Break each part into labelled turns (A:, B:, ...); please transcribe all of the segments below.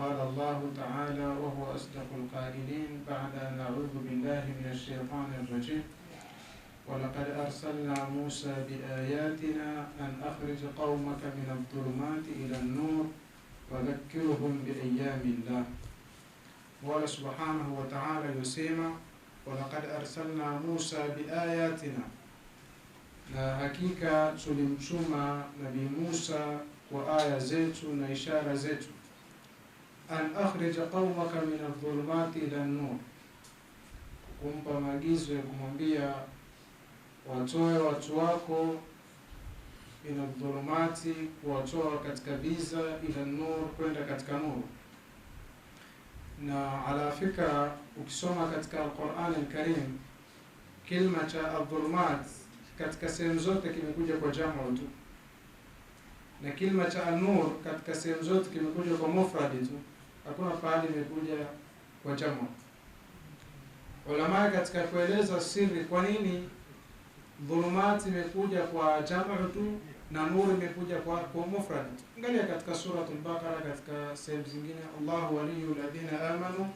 A: قال الله تعالى وهو أصدق القائلين بعد أن أعوذ بالله من الشيطان الرجيم ولقد أرسلنا موسى بآياتنا أن أخرج قومك من الظلمات إلى النور وذكرهم بأيام الله قال سبحانه وتعالى يسيما ولقد أرسلنا موسى بآياتنا حقيقة سلمتما نبي موسى وآية زيت aya zetu an akhrija qaumaka min adh-dhulumati ila an-nur, kumpa maagizo ya kumwambia watoe watu wako ila dhulumati, kuwatoa katika biza ila nur, kwenda katika nur Na ala fikra, ukisoma katika Al-Quran al kilma cha adhulumat katika sehemu zote kimekuja kwa jamu tu, na kilma cha anur katika sehemu zote kimekuja kwa mufradi tu hakuna pahali imekuja kwa chama. Ulama katika kueleza siri kwa nini dhulumati imekuja kwa jamaa tu na nuru imekuja kwa kwa mufrad. Angalia katika suratul Baqara, katika sehemu zingine, Allahu waliyyu alladhina amanu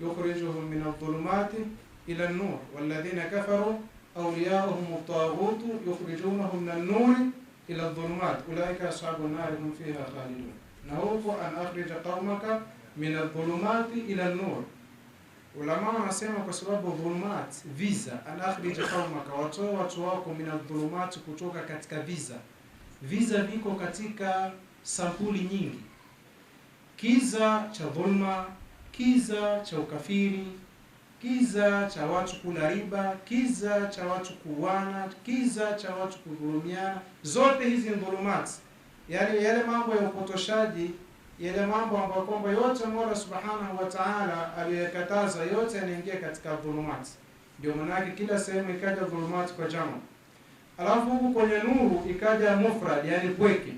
A: yukhrijuhum min adh-dhulumati ila an-nur walladhina kafaru awliya'uhum at-taghut yukhrijunahum min an-nur ila adh-dhulumat ulaika ashabun nar hum fiha khalidun. Na huko an akhrija qaumaka mina dhulumati ila nur. Ulama wanasema kwa sababu dhulumat visa, an akhrij qaumaka, watoe watu wako min dhulumat, kutoka katika visa. Visa viko katika sampuli nyingi, kiza cha dhulma, kiza cha ukafiri, kiza cha watu kula riba, kiza cha watu kuuana, kiza cha watu kudhulumiana. Zote hizi dhulumat, yani yale mambo ya upotoshaji yale mambo ambayo kwamba yote Mola Subhanahu wa Ta'ala yote yanaingia katika dhulumati. Ndio maanake kila sehemu ikaja dhulumati kwa jama. Alafu huku kwenye nuru ikaja mufrad, yani pweke.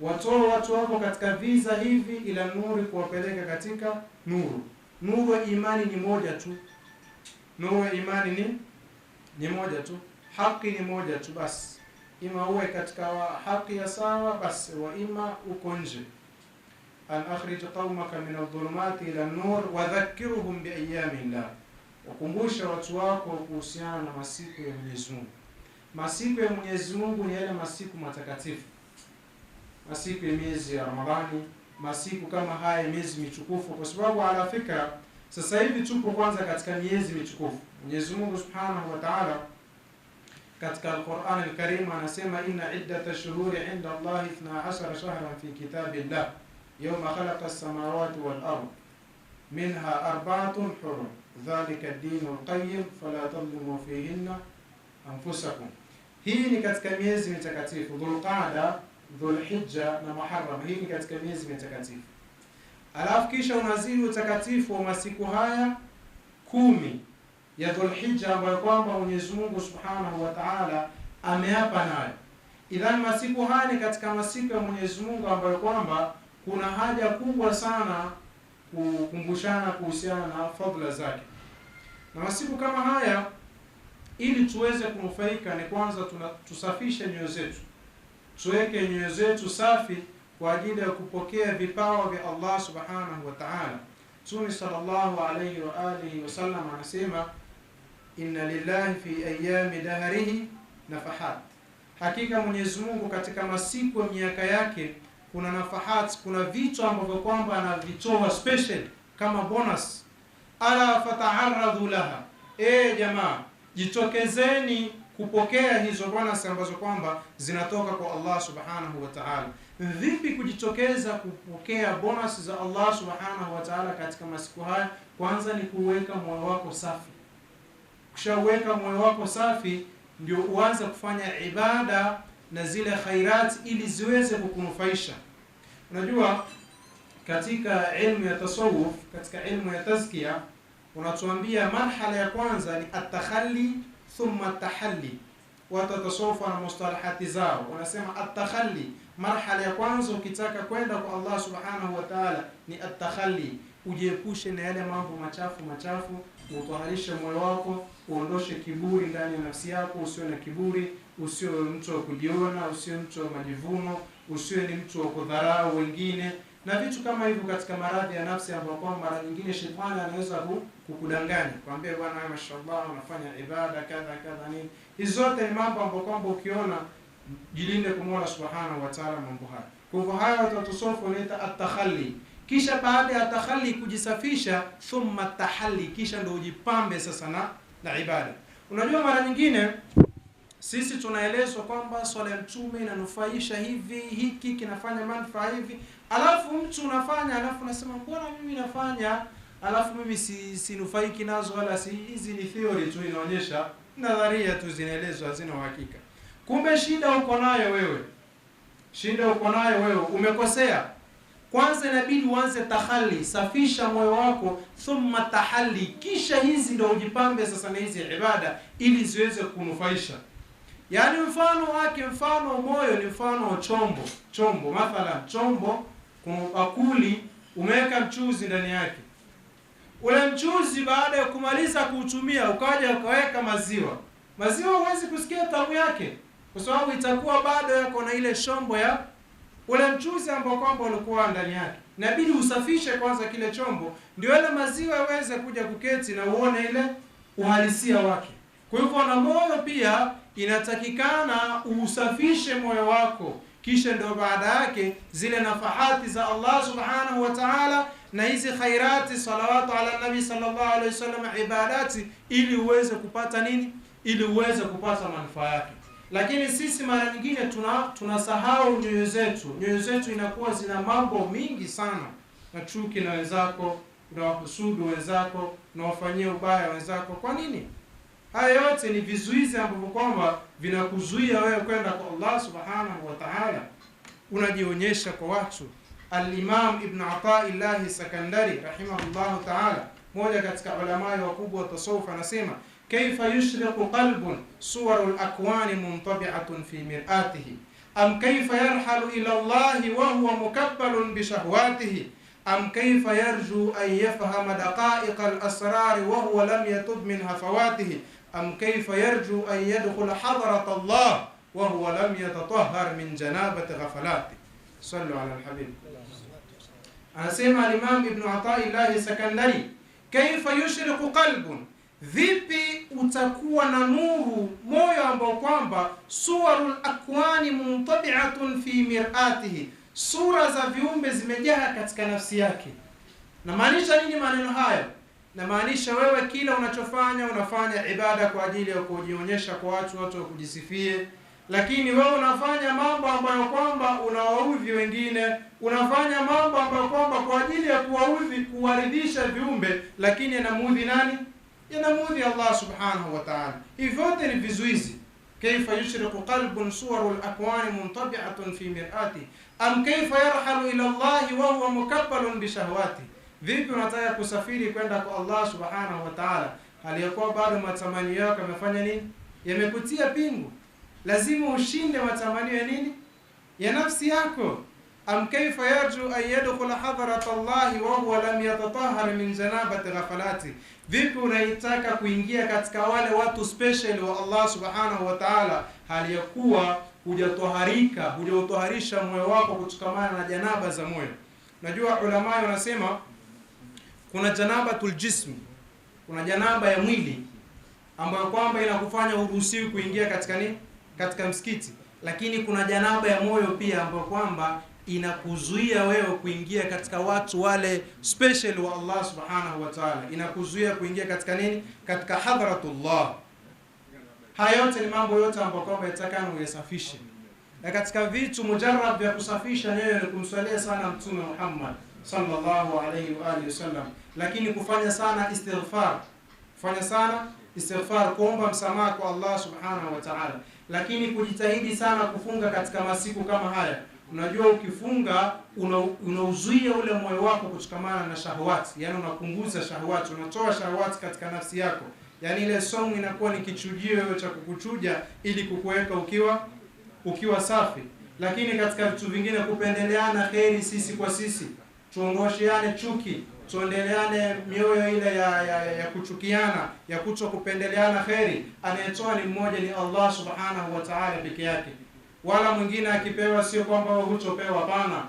A: Watoa watu wako katika viza hivi ila nuru kuwapeleka katika nuru. Nuru ya imani ni moja tu. Nuru ya imani ni ni moja tu. Haki ni moja tu basi. Ima uwe katika haki ya sawa basi, wa ima uko nje an akhrij qaumaka min adh ila nur wa dhakkirhum llah, wakumbusha watu wako kuhusiana na masiku ya Mwenyezi Mungu. Masiku ya Mwenyezi Mungu ni yale masiku matakatifu, masiku ya miezi ya Ramadhani, masiku kama haya, miezi michukufu, kwa sababu ala fikra sasa hivi tupo kwanza katika miezi michukufu. Mwenyezi Mungu Subhanahu wa Ta'ala katika Al-Qur'an Al-Karim anasema, inna iddatash shuhuri 'inda Allahi 12 shahran fi kitabillah يوم خلق السماوات والأرض منها أربعة حرم ذلك الدين القيم فلا تظلموا فيهن أنفسكم hii ni katika miezi mitakatifu Dhulqaada, Dhulhijja na Muharram. Hii ni katika miezi mitakatifu. Alafu kisha unazidi utakatifu wa masiku haya kumi ya Dhulhijja ambayo kwamba Mwenyezi Mungu Subhanahu wa Ta'ala ameapa nayo. Idhan masiku haya ni katika masiku ya Mwenyezi Mungu ambayo kwamba kuna haja kubwa sana kukumbushana kuhusiana na fadhila zake, na masiku kama haya, ili tuweze kunufaika ni kwanza tuna, tusafishe nyoyo zetu, tuweke nyoyo zetu safi kwa ajili ya kupokea vipawa vya Allah subhanahu wa ta'ala. Mtume sallallahu alayhi wa alihi sallam anasema inna lillahi fi ayami dahrihi nafahat, hakika Mwenyezi Mungu katika masiku ya miaka yake kuna nafahat, kuna vitu ambavyo kwamba anavitoa special kama bonus. Ala fataaradhu laha, e jamaa, jitokezeni kupokea hizo bonus ambazo kwamba zinatoka kwa Allah subhanahu wa ta'ala. Vipi kujitokeza kupokea bonus za Allah subhanahu wa ta'ala katika masiku haya? Kwanza ni kuweka moyo wako safi. Kushaweka moyo wako safi, ndio uanze kufanya ibada na zile khairati ili ziweze kukunufaisha. Unajua, katika ilmu ya tasawuf, katika ilmu ya tazkia unatuambia marhala ya kwanza ni atakhalli thumma atahalli. Watu wa tasawuf wana mustalahati zao, wanasema atakhalli, marhala ya kwanza ukitaka kwenda kwa Allah subhanahu wa ta'ala ni atakhalli, ujiepushe na yale mambo machafu machafu utwaharishe moyo wako, uondoshe kiburi ndani ya nafsi yako, usiwe na kiburi, usiwe mtu wa kujiona, usiwe mtu wa majivuno, usiwe ni mtu wa kudharau wengine na vitu kama hivyo, katika maradhi ya nafsi, ambapo kwa mara nyingine shetani anaweza kukudanganya, kwambie, bwana, wewe, mashallah, unafanya ibada kadha kadha, nini. Hizo zote ni mambo ambapo kwamba ukiona, jilinde kumwona subhanahu wa ta'ala mambo haya. Kwa hivyo haya watu watusofu wanaita at-takhalli kisha baada ya tahali kujisafisha, thumma tahali, kisha ndio ujipambe sasa na na ibada. Unajua, mara nyingine sisi tunaelezwa kwamba swala ya mtume inanufaisha hivi, hiki kinafanya manufaa hivi, alafu mtu unafanya, alafu unasema mbona mimi nafanya, alafu mimi si, sinufaiki nazo wala si. Hizi ni theory tu, inaonyesha nadharia tu, zinaelezwa, hazina uhakika. Kumbe shida uko nayo wewe, shida uko nayo wewe, umekosea kwanza inabidi uanze tahali, safisha moyo wako, thumma tahali, kisha hizi ndio ujipambe sasa na hizi ibada ili ziweze kunufaisha. Yaani mfano wake, mfano moyo ni mfano wa chombo. Chombo mathala, chombo kuna bakuli, umeweka mchuzi ndani yake. Ule mchuzi baada ya kumaliza kuutumia, ukaja ukaweka maziwa. Maziwa huwezi kusikia tamu yake, kwa sababu itakuwa bado yako na ile shombo ya ule mchuzi ambao kwamba ulikuwa ndani yake, inabidi usafishe kwanza kile chombo, ndio ile maziwa yaweze kuja kuketi na uone ile uhalisia wake. Kwa hivyo, na moyo pia inatakikana usafishe moyo wako, kisha ndio baada yake zile nafahati za Allah subhanahu wa ta'ala na hizi khairati salawatu ala nabi sallallahu alaihi wasallam ibadati, ili uweze kupata nini, ili uweze kupata manufaa yake. Lakini sisi mara nyingine tuna tunasahau nyoyo zetu, nyoyo zetu inakuwa zina mambo mingi sana, na chuki na wenzako, wakusudu wenzako, unawafanyia ubaya wenzako. Kwa nini? Haya yote ni vizuizi ambavyo kwamba vinakuzuia wewe kwenda kwa Allah subhanahu wa ta'ala, unajionyesha kwa watu. Al-Imam Ibn Athaillah Sakandari rahimahullahu ta'ala, mmoja katika ulamai wakubwa wa tasawuf, anasema كيف يشرق قلب صور الأكوان منطبعة في مرآته أم كيف يرحل إلى الله وهو مكبل بشهواته أم كيف يرجو أن يفهم دقائق الأسرار وهو لم يتب من هفواته أم كيف يرجو أن يدخل حضرة الله وهو لم يتطهر من جنابة غفلاته صلوا على الحبيب أنا سيما الإمام ابن عطاء الله سكنني كيف يشرق قلب Vipi utakuwa na nuru moyo ambao kwamba suwarul akwani muntabi'atun fi mir'atihi, sura za viumbe zimejaa katika nafsi yake. Namaanisha nini maneno hayo? Namaanisha wewe kila unachofanya unafanya ibada kwa ajili ya kujionyesha kwa watu, watu wakujisifie, lakini wewe unafanya mambo ambayo kwamba unawaudhi wengine, unafanya mambo ambayo kwamba kwa ajili ya kuwaudhi, kuwaridhisha viumbe, lakini anamuudhi nani? yanamudhi Allah subhanahu wa ta'ala. Hivi vyote ni vizuizi. Kaifa yushriku qalbun suwaru al-akwani muntabi'atun fi mir'ati am kaifa yarhalu ila Allah wa huwa mukabbalun bi shahawati. Vipi unataka kusafiri kwenda kwa Allah subhanahu wa ta'ala aliyokuwa bado matamanio yako yamefanya nini? Yamekutia pingu. Lazima ushinde matamanio ya nini? Ya nafsi yako am kaifa yarju an yadkhula hadharat Allah wa huwa lam yatatahhar min janabati ghafalati, vipi unaitaka kuingia katika wale watu special wa Allah subhanahu wa ta'ala, hali ya kuwa hujatoharika hujautoharisha moyo wako kutokamana na janaba za moyo. Najua ulama wanasema kuna janabatul jism, kuna janaba ya mwili ambayo kwamba inakufanya uruhusiwi kuingia katika nini, katika msikiti, lakini kuna janaba ya moyo pia ambayo kwamba inakuzuia wewe kuingia katika watu wale special wa Allah subhanahu wa ta'ala, inakuzuia kuingia katika nini? Katika hadhratullah. Haya yote ni mambo yote ambayo kwamba yatakana uyasafishe, na katika vitu mujarab vya kusafisha nyoyo ni kumswalia sana Mtume Muhammad sallallahu alayhi wa alihi wasallam, lakini kufanya sana istighfar, kufanya sana istighfar, kuomba msamaha kwa Allah subhanahu wa ta'ala, lakini kujitahidi sana kufunga katika masiku kama haya Unajua, ukifunga unauzuia ule moyo wako kushikamana na shahawati, yani unapunguza shahawati, unatoa shahawati katika nafsi yako, yani ile somu inakuwa ni kichujio cha kukuchuja ili kukuweka ukiwa ukiwa safi. Lakini katika vitu vingine, kupendeleana heri sisi kwa sisi, tuongosheane chuki, tuondeleane mioyo ile ya, ya, ya kuchukiana ya kuto kupendeleana heri anayetoa ni mmoja, ni Allah subhanahu wa ta'ala peke yake wala mwingine akipewa sio kwamba huchopewa. pana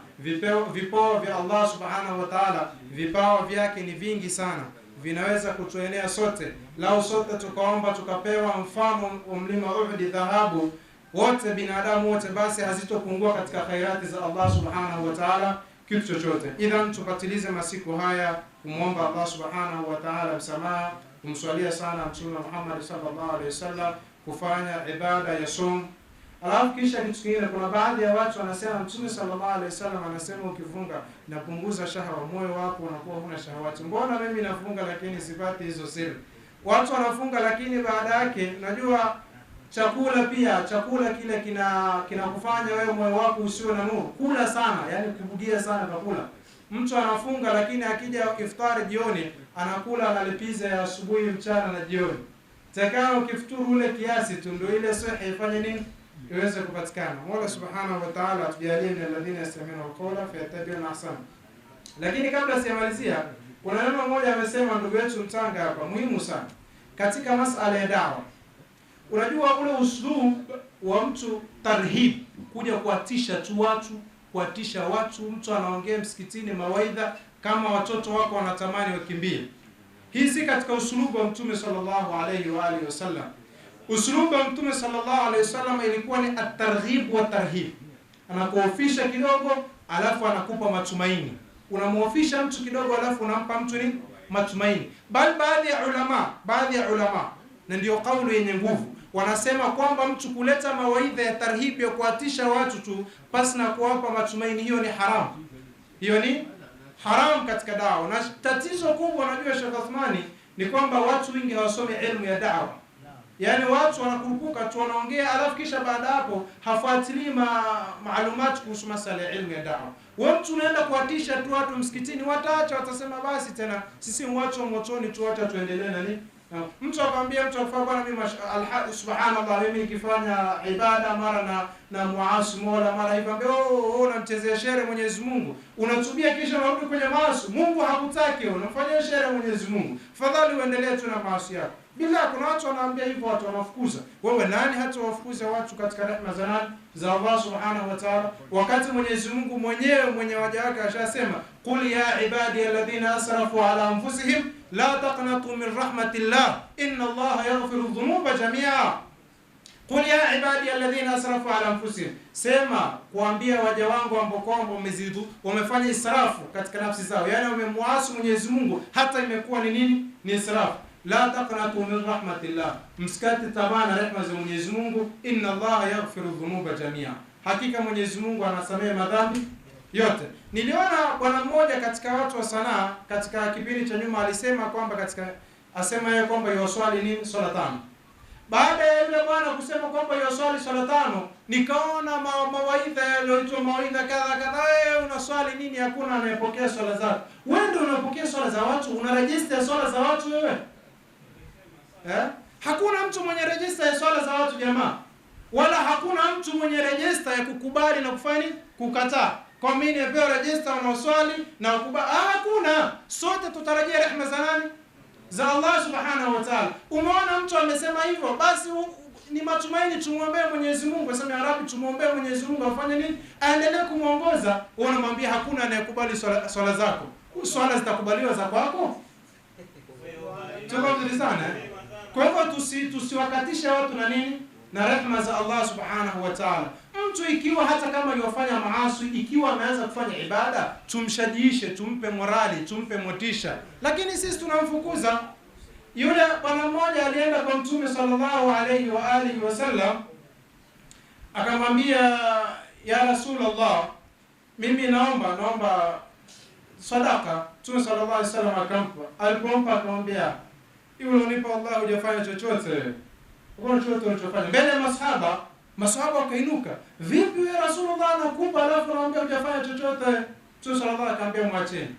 A: vipao vya Allah subhanahu wa taala, vipao vyake ni vingi sana, vinaweza kutuenea sote. lao sote tukaomba tukapewa mfano wa mlima Uhudi, dhahabu, wote binadamu wote, basi hazitopungua katika khairati za Allah subhanahu wa taala kitu chochote. Idhan, tupatilize masiku haya kumwomba Allah subhanahu wa taala msamaha, kumswalia sana Mtume Muhammad sallallahu alaihi wasallam, kufanya ibada ya sum Alafu kisha kitu kingine, kuna baadhi ya watu wanasema Mtume sallallahu alaihi wasallam anasema ukifunga napunguza shahawa, moyo wako unakuwa huna shahawati. Mbona mimi nafunga lakini sipati hizo siri? Watu wanafunga lakini baada yake, najua chakula pia, chakula kile kina kinakufanya wewe moyo wako usiwe na nuru, kula sana, yani kubugia sana chakula. Mtu anafunga lakini akija iftari jioni anakula analipiza ya asubuhi, mchana na jioni. Takao ukifuturu ule kiasi tu, ndio ile sahih ifanye nini iweze kupatikana. Mola subhanahu wa taala atujalie ni alladhina yastamiuna alqawla fayattabiuna ahsana. Lakini kabla sijamalizia, kuna neno moja amesema ndugu yetu Mtanga hapa muhimu sana katika masala ya dawa. Unajua ule uslub wa mtu tarhib, kuja kuatisha tu watu, kuatisha watu, mtu anaongea msikitini mawaidha kama watoto wako wanatamani wakimbie. Hii si katika usulubu wa Mtume sallallahu alayhi wa alihi wasallam Uslubu wa Mtume sallallahu alaihi wasallam ilikuwa ni atarghib wa tarhib, anakuofisha kidogo alafu anakupa matumaini. Unamuofisha mtu kidogo alafu unampa mtu ni matumaini. Bali baadhi ya ulama, baadhi ya ulama na ndio kauli yenye nguvu, wanasema kwamba mtu kuleta mawaidha ya tarhibi ya kuatisha watu tu pasi na kuwapa matumaini, hiyo ni haramu, hiyo ni haramu katika dawa. Na tatizo kubwa, unajua Sheikh Uthmani, ni kwamba watu wengi hawasomi elimu ya dawa Yaani watu wanakurupuka tu wanaongea, alafu kisha baada hapo hafuatilii ma maalumati kuhusu masala ya ilmu ya dawa. we mtu unaenda kuwatisha tu watu msikitini, wataacha watasema, basi tena sisi mwacho motoni tu, wacha tuendelee nani Mtu akamwambia mtu afaa, mimi subhanallah, mimi nikifanya ibada mara na na muasi mola mara hivi, ambaye oh, unamchezea oh, oh, shere Mwenyezi Mungu, unatumia kisha unarudi kwenye maasi. Mungu hakutaki, unamfanyia shere Mwenyezi Mungu, fadhali uendelee tu na maasi yako. Bila kuna watu wanaambia hivyo, watu wanafukuza wewe. Nani hata wafukuze watu katika rehema za nani? Za Allah subhanahu wa ta'ala, wakati Mwenyezi Mungu mwenyewe mwenye waja wake ashasema, qul ya ibadi alladhina asrafu ala anfusihim la taqnatu min rahmatillah inna allaha yaghfiru dhunuba jamia Qul ya ibadi alladhina asrafu ala anfusihim, sema kuambia waja wangu ambao kwamba wamefanya israfu katika nafsi zao, yaani wamemwasi Mwenyezi Mungu hata imekuwa ni nini? Ni israfu. La taqnatu min rahmatillah, msikate tamaa na rehema za Mwenyezi Mungu. Inna Allaha yaghfiru dhunuba jamia, hakika Mwenyezi Mungu anasamehe madhambi yote. Niliona bwana mmoja katika watu wa sanaa katika kipindi cha nyuma alisema kwamba katika asema yeye kwamba yoswali ni swala tano. Baada ya yule bwana kusema kwamba yoswali swala tano, nikaona ma, mawaidha yaliyoitwa mawaidha kadha kadha. Wewe eh, unaswali nini? Hakuna anayepokea swala zako. Wewe ndio unapokea swala za watu, una unarejista swala za watu wewe eh? Hakuna mtu mwenye rejista ya swala za watu jamaa, wala hakuna mtu mwenye rejista ya kukubali na kufanya kukataa. Komini apewa rejista wanaoswali na wakuba. Ah, hakuna, sote tutarajia rehema za nani? Za Allah subhanahu wa taala. Umeona mtu amesema hivyo, basi ni matumaini tumwombee Mwenyezi Mungu, aseme ya Rabbi, tumwombee Mwenyezi Mungu afanye nini, aendelee kumwongoza. namwambia hakuna anayekubali swala, swala zako, swala zitakubaliwa za kwako? Tuko sana. Eh? Kwa hivyo tusi tusiwakatishe watu na nini na rehma za Allah subhanahu wa ta'ala. Mtu ikiwa hata kama yuwafanya maasi, ikiwa ameanza kufanya ibada, tumshajiishe, tumpe morali, tumpe motisha, lakini sisi tunamfukuza. Yule bwana mmoja alienda kwa Mtume sallallahu alayhi wa alihi wasallam, akamwambia ya Rasulullah, mimi naomba naomba sadaka. Mtume sallallahu alayhi wasallam akampa, alipompa akamwambia, iwe unipa Allah, hujafanya chochote kuna tunachofanya mbele ya masahaba. Masahaba wakainuka, vipi wewe Rasulullah anakupa alafu anamwambia hujafanya chochote? Mtume sallallahu alayhi akaambia mwacheni.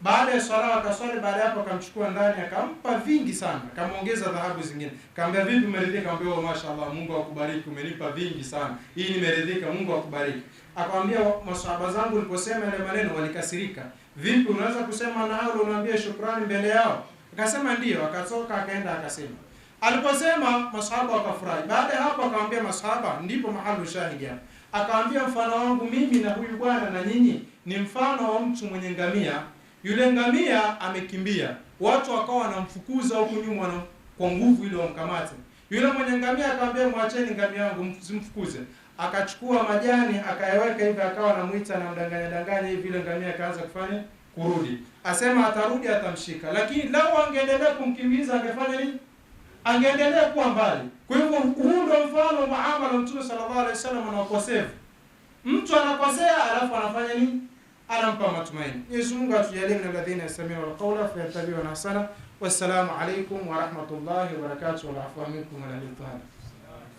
A: Baada ya swala akaswali, baada hapo akamchukua ndani, akampa vingi sana, akamwongeza dhahabu zingine, akamwambia vipi, umeridhika? Akamwambia oh, mashaallah, Mungu akubariki, umenipa vingi sana, hii nimeridhika, Mungu akubariki. Akamwambia masahaba zangu niliposema yale maneno walikasirika. Vipi, unaweza kusema na hao unaambia shukrani mbele yao? Akasema ndiyo. Akatoka akaenda akasema Aliposema masahaba wakafurahi. Baada ya hapo akamwambia masahaba, ndipo mahali ushahidi hapo. Akamwambia mfano wangu mimi na huyu bwana na nyinyi ni mfano wa mtu mwenye ngamia. Yule ngamia amekimbia, watu wakawa wanamfukuza huku nyuma na kwa nguvu ile wamkamate. Yule mwenye ngamia akamwambia, mwacheni ngamia wangu, msimfukuze. Akachukua majani akayaweka hivi, akawa anamwita na mdanganya danganya hivi, ile ngamia akaanza kufanya kurudi, asema atarudi atamshika. Lakini lau angeendelea kumkimbiza angefanya nini? angeendelea kuwa mbali. Kwa hivyo huu ndio mfano wa amali wa Mtume sallallahu alaihi wasallam na wakosefu. Mtu anakosea alafu anafanya nini? Anampa matumaini. Mwenyezi Mungu atujalie na ladhina yasamiu alqawla fayattabi'una ahsana. Wassalamu alaikum wa rahmatullahi wa barakatuh. Wa afu minkum wa